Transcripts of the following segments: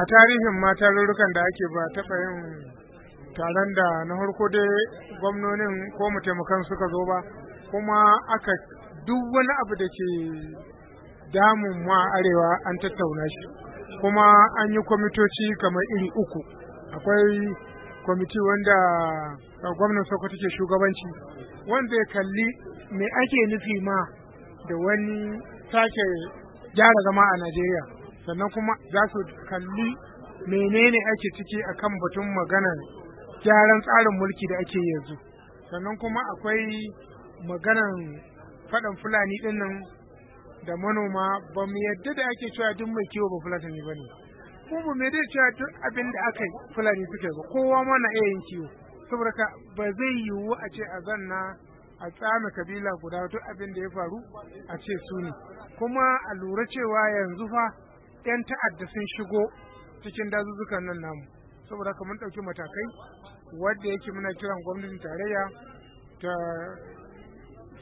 a tarihin mata tarurrukan da ake ba taɓa yin taron da na harko dai gwamnonin ko mutemakan suka zo ba kuma aka duk wani abu da ke damun ma arewa an tattauna shi kuma an yi kwamitoci kamar iri uku akwai kwamiti wanda gwamnan sokoto ke shugabanci wanda ya kalli me ake nufi ma da wani sake gyara zama a najeriya sannan kuma za su kalli menene ake ciki kan batun maganar gyaran tsarin mulki da ake yanzu sannan kuma akwai maganar faɗan fulani ɗin da manoma ba mu yadda da ake cewa duk mai kiwo ba fulani ba ne Kuma ba mu yadda cewa duk abin da aka yi fulani suke ba kowa ma na iya yin kiwo saboda ka ba zai yiwu a ce a zanna a tsame kabila guda duk abin da ya faru a ce su ne kuma a lura cewa yanzu fa 'yan ta'adda sun shigo cikin dazuzzukan nan namu saboda kamar mun ɗauki matakai wadda yake muna kiran gwamnatin tarayya ta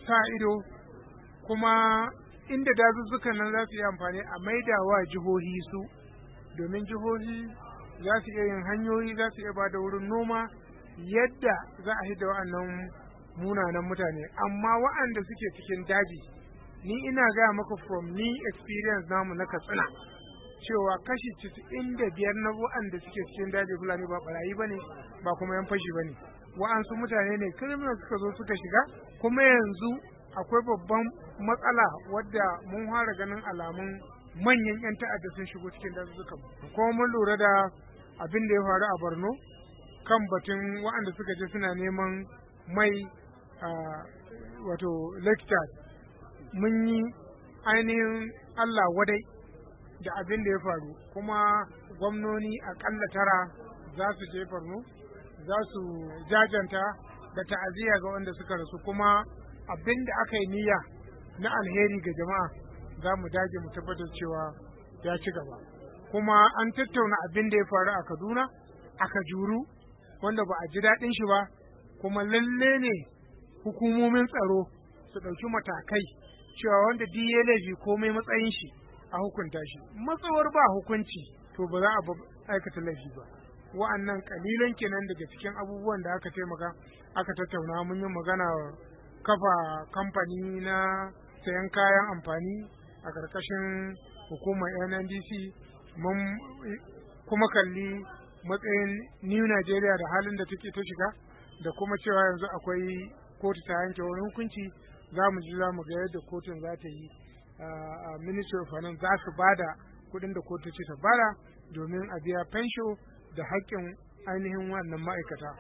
sa ido kuma inda dazuzzukan nan za su yi amfani a maida wa jihohi su domin jihohi za su iya yin hanyoyi za su iya ba da wurin noma yadda za a hidda wa'annan munanan mutane amma wa'anda suke cikin daji ni ina gaya maka from ni experience namu na katsina cewa kashi casa'in da biyar na waɗanda suke cikin daji fulani ba ɓarayi ba ne ba kuma yan fashi ba ne wa'ansu mutane ne kirmin suka zo suka shiga kuma yanzu akwai babban matsala wadda mun fara ganin alamun manyan 'yan ta'adda sun shigo cikin dazuzzukan kuma mun lura da abin da ya faru a borno kan batun waanda suka je suna neman mai wato lecture mun yi ainihin allah wadai da abin da ya faru kuma gwamnoni akalla tara za su je farno za su jajanta da ta'aziyya ga wanda suka rasu kuma abin da aka yi niyya na alheri ga jama'a za mu dage mu tabbatar cewa ya ci gaba kuma an tattauna abin da ya faru a kaduna a Kajuru, wanda ba a ji daɗin shi ba kuma lalle ne hukumomin tsaro su ɗauki matakai cewa wanda duk ya komai matsayin shi a hukunta shi matsawar ba hukunci to ba za a aikata laifi ba wa'annan kalilan kenan daga cikin abubuwan da aka taimaka aka tattauna mun yi magana kafa kamfani na sayan kayan amfani a ƙarƙashin hukumar nndc mun kuma kalli matsayin new nigeria da halin da take ta shiga da kuma cewa yanzu akwai kotu ta yanke wani hukunci za mu ji za mu ga yadda kotun za ta yi ministry of finance za su bada kuɗin da kotu ce ta bara domin a biya fensho da haƙƙin ainihin wannan ma'aikata